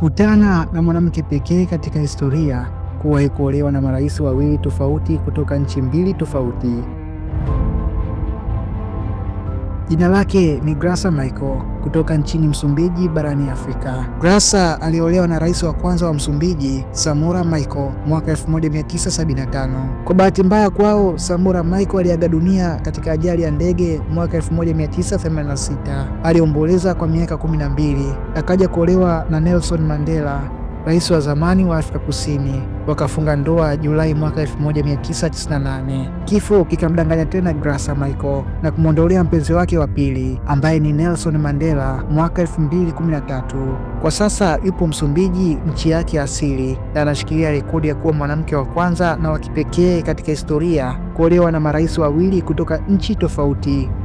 Kutana na mwanamke pekee katika historia kuwahi kuolewa na marais wawili tofauti kutoka nchi mbili tofauti. Jina lake ni Graca Michael kutoka nchini Msumbiji barani Afrika. Graca aliolewa na rais wa kwanza wa Msumbiji Samora Michael mwaka 1975. Kwa bahati mbaya kwao, Samora Michael aliaga dunia katika ajali ya ndege mwaka 1986. Aliomboleza kwa miaka 12. Akaja kuolewa na Nelson Mandela rais wa zamani wa Afrika Kusini, wakafunga ndoa Julai mwaka 1998. Kifo kikamdanganya tena Graca michael na kumwondolea mpenzi wake wa pili ambaye ni Nelson Mandela mwaka 2013. Kwa sasa yupo Msumbiji, nchi yake asili, na anashikilia rekodi ya kuwa mwanamke wa kwanza na wa kipekee katika historia kuolewa na marais wawili kutoka nchi tofauti.